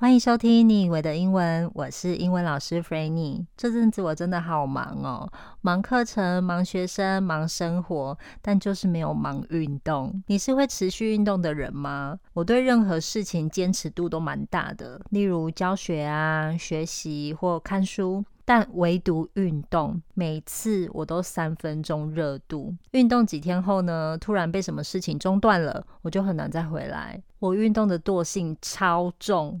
歡迎收聽你以為的英文，我是英文老師 Frannie。這陣子我真的好忙哦，忙課程、忙學生、忙生活，但就是沒有忙運動。你是會持續運動的人嗎？我對任何事情堅持度都蠻大的，例如教學啊、學習或看書，但唯獨運動，每次我都三分鐘熱度。運動幾天後呢，突然被什麼事情中斷了，我就很難再回來。我運動的惰性超重。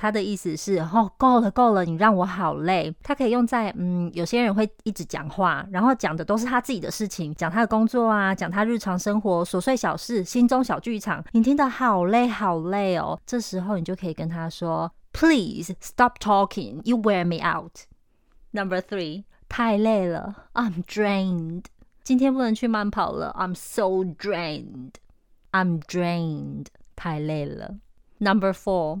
他的意思是哦，oh, 夠了，夠了，你讓我好累。他可以用在嗯，有些人會一直講話，然後講的都是他自己的事情，講他的工作啊，講他日常生活瑣碎小事，心中小劇場，你聽得好累好累哦。這時候你就可以跟他說：“Please stop talking, you wear me out.” Number three，太累了，I'm drained。今天不能去慢跑了，I'm so drained, I'm drained，太累了。Number four。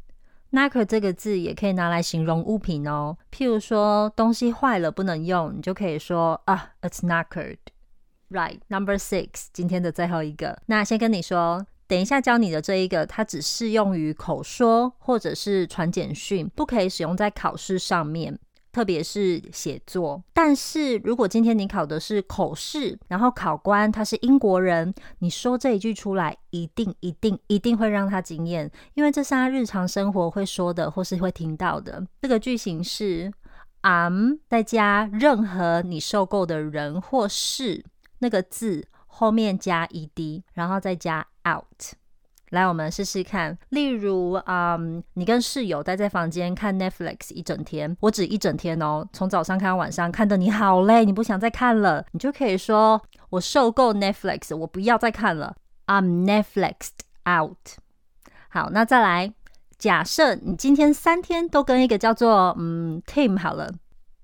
knacker 這個字也可以拿來形容物品哦，譬如說東西壞了不能用，你就可以說啊，it's knackered。Uh, it Right，number six，今天的最後一個。那先跟你說，等一下教你的這一個，它只適用於口說或者是傳簡訊，不可以使用在考試上面。特別是寫作，但是如果今天你考的是口試，然後考官，他是英國人，你說這一句出來，一定一定一定會讓他驚艷，因為這是他日常生活會說的或是會聽到的。這個句型是 I'm、um, 再加任何你受夠的人或事，那個字後面加 ed，然後再加 out。來，我們試試看。例如，啊、um，你跟室友待在房間看 Netflix 一整天，我指一整天哦，從早上看到晚上，看得你好累，你不想再看了，你就可以說：“我受夠 Netflix，我不要再看了。” I'm Netflixed out。好，那再來，假設你今天三天都跟一個叫做嗯 Tim 好了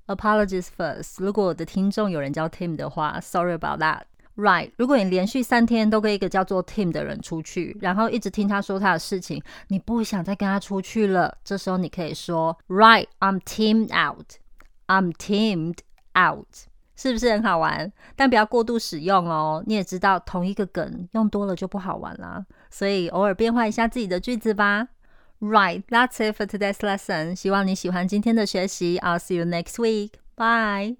，Apologies first，如果我的聽眾有人叫 Tim 的話，Sorry about that。Right，如果你連續三天都跟一個叫做 Tim 的人出去，然後一直聽他說他的事情，你不想再跟他出去了，這時候你可以說，Right，I'm timed out，I'm timed out，是不是很好玩？但不要過度使用哦，你也知道同一個梗用多了就不好玩啦、啊。所以偶爾變換一下自己的句子吧。Right，that's it for today's lesson。希望你喜歡今天的學習。I'll see you next week. Bye.